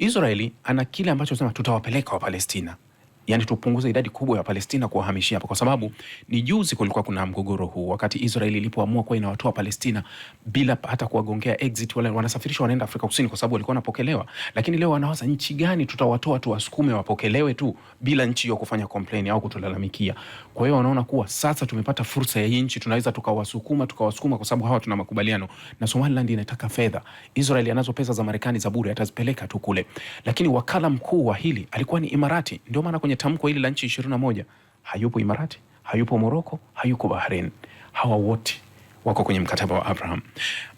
Israeli ana kile ambacho sema tutawapeleka Wapalestina yani tupunguze idadi kubwa ya Palestina kuwahamishia hapa, kwa sababu ni juzi kulikuwa kuna mgogoro huu, wakati Israel ilipoamua kuwa inawatoa Palestina bila hata kuwagongea exit, wala wanasafirishwa wanaenda Afrika Kusini, kwa sababu walikuwa wanapokelewa. Lakini leo wanawaza nchi gani tutawatoa, tu wasukume wapokelewe tu bila nchi hiyo kufanya complain au kutulalamikia. Kwa hiyo wanaona kuwa sasa tumepata fursa ya hii nchi, tunaweza tukawasukuma, tukawasukuma, kwa sababu hawa tuna makubaliano na Somaliland, inataka fedha. Israel anazo pesa za Marekani za bure, atazipeleka tu kule, lakini wakala mkuu wa hili alikuwa ni Imarati, ndio maana kwenye tamko hili la nchi ishirini na moja hayupo Imarati, hayupo Moroko, hayuko Bahrain. Hawa wote wako kwenye mkataba wa Abraham.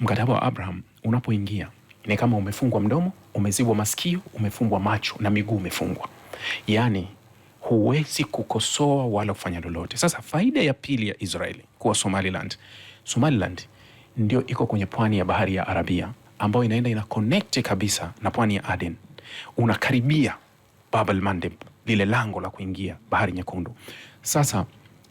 Mkataba wa Abraham unapoingia ni kama umefungwa mdomo, umezibwa masikio, umefungwa macho na miguu umefungwa, yaani huwezi kukosoa wala kufanya lolote. Sasa faida ya pili ya Israeli kuwa Somaliland, Somaliland ndio iko kwenye pwani ya bahari ya Arabia ambayo inaenda ina connect kabisa na pwani ya Aden, unakaribia Babel Mandeb lile lango la kuingia bahari nyekundu. Sasa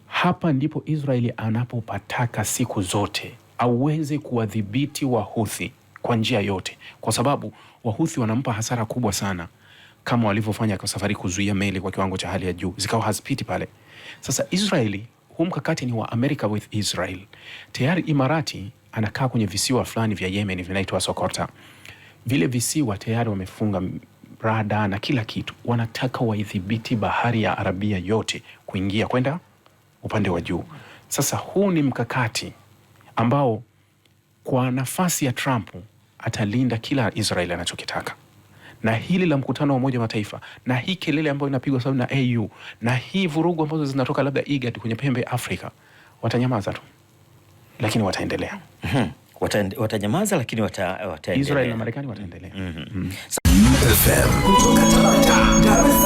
hapa ndipo Israeli anapopataka siku zote aweze kuwadhibiti Wahuthi kwa njia yote, kwa sababu Wahuthi wanampa hasara kubwa sana, kama walivyofanya kwa safari kuzuia meli kwa kiwango cha hali ya juu, zikawa hazipiti pale. Sasa Israeli huu mkakati ni wa America with Israel. Tayari Imarati anakaa kwenye visiwa fulani vya Yemen vinaitwa Sokota. Vile visiwa tayari wamefunga rada na kila kitu, wanataka waidhibiti bahari ya Arabia yote kuingia kwenda upande wa juu. Sasa huu ni mkakati ambao kwa nafasi ya Trump atalinda kila Israeli anachokitaka na hili la mkutano wa Umoja wa Mataifa na hii kelele ambayo inapigwa sababu na AU na hii vurugu ambazo zinatoka labda IGAD kwenye pembe Afrika, watanyamaza tu, lakini wataendelea mhm watanyamaza, lakini wata, wataendelea. Israel na Marekani wataendelea. mm -hmm. mm -hmm.